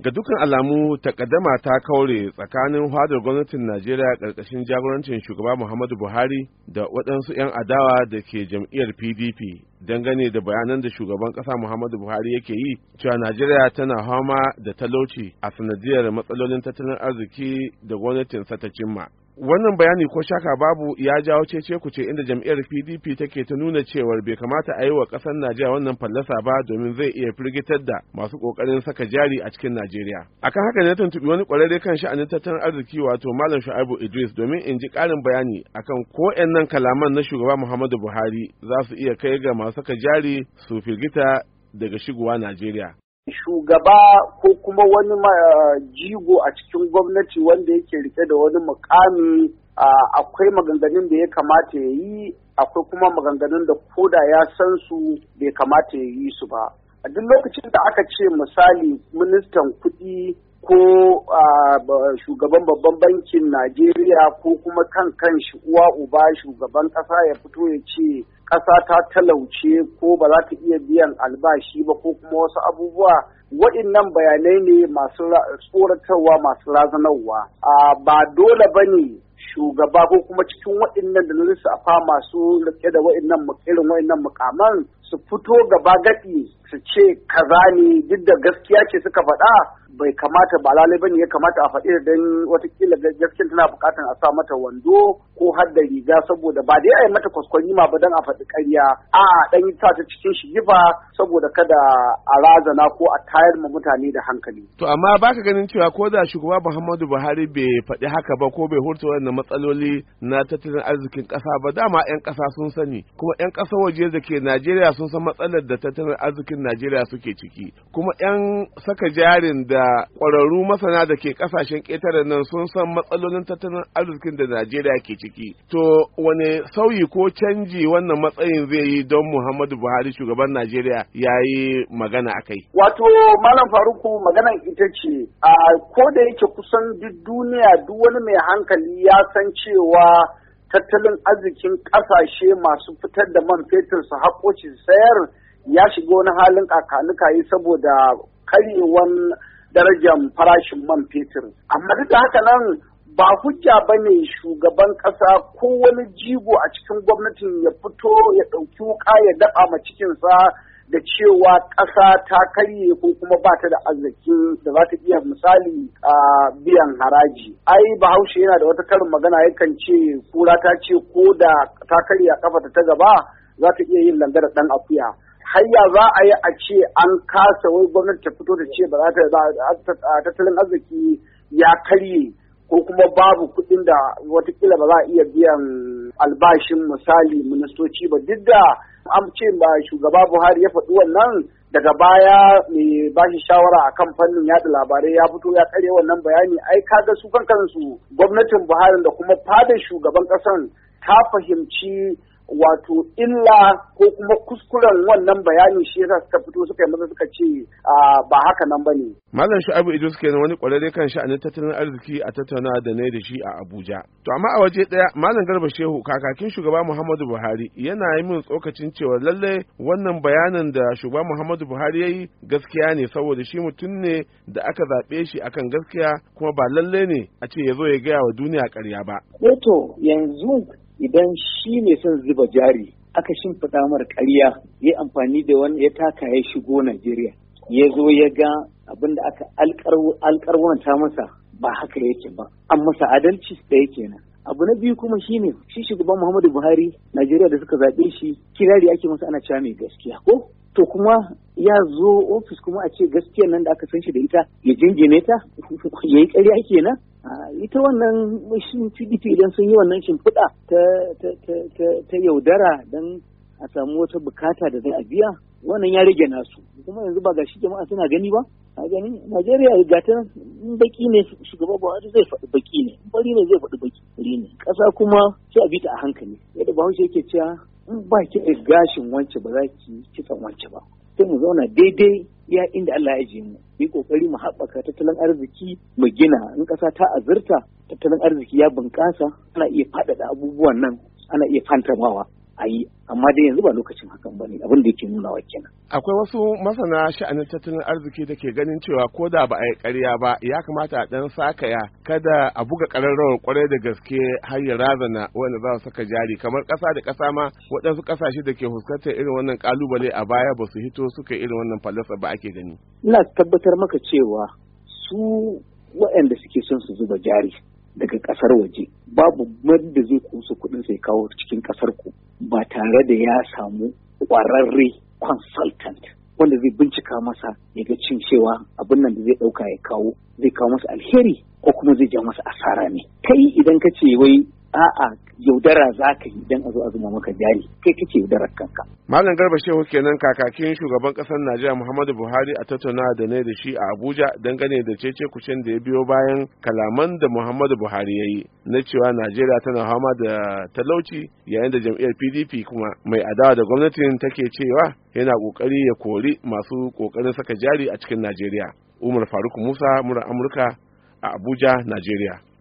ga dukkan alamu takaddama ta kaure tsakanin hadar gwamnatin najeriya ƙarƙashin jagorancin shugaba muhammadu buhari da waɗansu 'yan adawa da ke jam'iyyar pdp dangane da bayanan da shugaban ƙasa muhammadu buhari yake yi cewa najeriya tana hama da talauci a sanadiyar matsalolin tattalin arziki da gwamnatin sa ta cimma wannan bayani ko shaka babu ya jawo cece ce, inda jam'iyyar pdp take ta nuna cewar bai kamata a yi wa ƙasar najeriya wannan fallasa ba domin zai iya firgitar da masu ƙoƙarin saka jari a cikin najeriya akan haka ne tuntuɓi wani ƙwararre kan sha'anin tattalin arziki wato malam shu'aibu idris domin in ji ƙarin bayani akan ko nan kalaman na shugaba muhammadu buhari za su iya kai ga masu saka jari su firgita daga shigowa najeriya shugaba ko kuma wani jigo a cikin gwamnati wanda yake rike da wani mukami akwai maganganun da ya kamata ya yi akwai kuma maganganun da koda ya san su bai kamata ya yi su ba a duk lokacin da aka ce misali ministan kuɗi ko shugaban babban bankin najeriya ko kuma kan kan shi uwa uba shugaban ƙasa ya fito ya ce ƙasa ta talauce ko ba za ta iya biyan albashi ba ko kuma wasu abubuwa waɗannan bayanai ne masu tsoratarwa masu razanarwa a ba dole ba ne shugaba ko kuma cikin waɗannan da na fa masu rike da waɗannan irin waɗannan mukaman su fito gaba gaɗi su ce kaza ne duk da gaskiya ce suka faɗa bai kamata ba lalai bane ya kamata a faɗi dan watakila gaskiya tana buƙatar a sa mata wando ko har da riga saboda ba dai a yi mata kwaskwani ma ba dan a faɗi karya a dan yi ta cikin shigifa saboda kada a razana ko a tayar ma mutane da hankali. To amma baka ganin cewa ko da shugaba Muhammadu Buhari bai faɗi haka ba ko bai hurta wannan matsaloli na tattalin arzikin ƙasa ba dama 'yan ƙasa sun sani kuma 'yan ƙasa waje da ke Najeriya sun san matsalar da tattalin arzikin Najeriya suke ciki kuma 'yan saka jarin da da ƙwararru masana da ke ƙasashen ƙetare nan sun san matsalolin tattalin arzikin da Najeriya ke ciki. To wane sauyi ko canji wannan matsayin zai yi don Muhammadu Buhari shugaban Najeriya ya yi magana a kai? Wato Malam Faruku maganar ita ce a ko da yake kusan duk duniya duk wani mai hankali ya san cewa tattalin arzikin ƙasashe masu fitar da man fetur su haƙoci sayar ya shiga wani halin kakanikayi saboda karyewan darajar farashin man fetur. Amma duk da haka nan ba hujja ba ne shugaban ƙasa ko wani jigo a cikin gwamnatin ya fito ya ɗauki wuƙa ya daɓa ma cikinsa da cewa ƙasa ta karye ko kuma ba ta da arzikin da za ta iya misali a biyan haraji. Ai bahaushe yana da wata karin magana yakan ce kura ta ce ko da ta karye karya kafa ta gaba za ta iya yin langarar ɗan akuya. hayya za a yi a ce an kasa wai gwamnati ta fito da ce ba za ta tattalin arziki ya karye ko kuma babu kuɗin da watakila ba za a iya biyan albashin misali ministoci ba duk da an ce ba shugaba buhari ya faɗi wannan daga baya mai bashi shawara a kan fannin yada labarai ya fito ya karya wannan bayani ai kaga su kan kansu gwamnatin buhari da kuma fadar shugaban ƙasan ta fahimci wato illa ko kuma kuskuren wannan bayani shi ya suka fito suka yi masa suka ce ba haka nan ba ne. malam shu'abu idris kenan wani kwararre kan sha'anin tattalin arziki a tattauna da ne da shi a abuja to amma a waje daya malam garba shehu kakakin shugaba muhammadu buhari yana yi min tsokacin cewa lallai wannan bayanin da shugaba muhammadu buhari ya yi gaskiya ne saboda shi mutum ne da aka zaɓe shi akan gaskiya kuma ba lallai ne a ce ya zo ya gaya wa duniya ƙarya ba. Eto eh yanzu idan shi ne son zuba jari aka shimfiɗa mara ƙarya ya amfani da wani ya taka ya shigo Najeriya ya zo ya ga abin da aka alƙarwanta masa ba haka yake ba an masa adalci yake kenan abu na biyu kuma shine shi shugaban Muhammadu Buhari Najeriya da suka zaɓe shi kirari ake masa ana cewa mai gaskiya ko to kuma ya zo ofis kuma a ce gaskiyar nan da aka san shi da ita ya jingine ta yayi yi ƙarya kenan ita wannan mashin idan sun yi wannan shimfiɗa ta yaudara don a samu wata bukata da zai a biya wannan ya rage nasu kuma yanzu ba ga shi jama'a suna gani ba a gani najeriya ga ta baki ne shugaba buhari zai faɗi baki ne bari ne zai faɗi baki ne ƙasa kuma sai a bita a hankali yadda bahaushe yake cewa in ba ki da gashin wance ba za ki kisan wance ba sai mu zauna daidai gaskiya inda Allah ya mu mu yi kokari mu haɓaka tattalin arziki mu gina in ƙasa ta azurta tattalin arziki ya bunƙasa ana iya faɗaɗa abubuwan nan ana iya fantamawa a yi amma dai yanzu ba lokacin hakan ba ne abin da yake nunawa kenan. akwai wasu masana sha'anin tattalin arziki da ke ganin cewa ko da ba a yi ƙarya ba ya kamata a ɗan sakaya kada a buga ƙararrawar ƙwarai da gaske har ya razana wanda za su saka jari kamar ƙasa da ƙasa ma waɗansu ƙasashe da ke fuskantar irin wannan ƙalubale a baya ba su hito suka irin wannan falasa ba ake gani. ina tabbatar maka cewa su waɗanda suke son su zuba jari daga ƙasar waje babu wanda zai kusa kuɗin sai kawo cikin ƙasar ku ba tare da ya samu ƙwararre consultant wanda zai bincika masa ya ga cin cewa abin nan da zai ɗauka ya kawo zai kawo masa alheri ko kuma zai ja masa asara ne kai idan ka ce wai a'a yaudara za ka yi idan a zo a zuma maka jari kai kake yaudarar kanka. Malam Garba Shehu kenan kakakin shugaban ƙasar Najeriya Muhammadu Buhari a tattauna da ne da shi a Abuja dangane da cece kucin da ya biyo bayan kalaman da Muhammadu Buhari ya yi na cewa Najeriya tana fama da talauci yayin da jam'iyyar PDP kuma mai adawa da gwamnatin take cewa yana kokari ya kori masu kokarin saka jari a cikin Najeriya. Umar Faruk Musa, Mura Amurka a Abuja, Najeriya.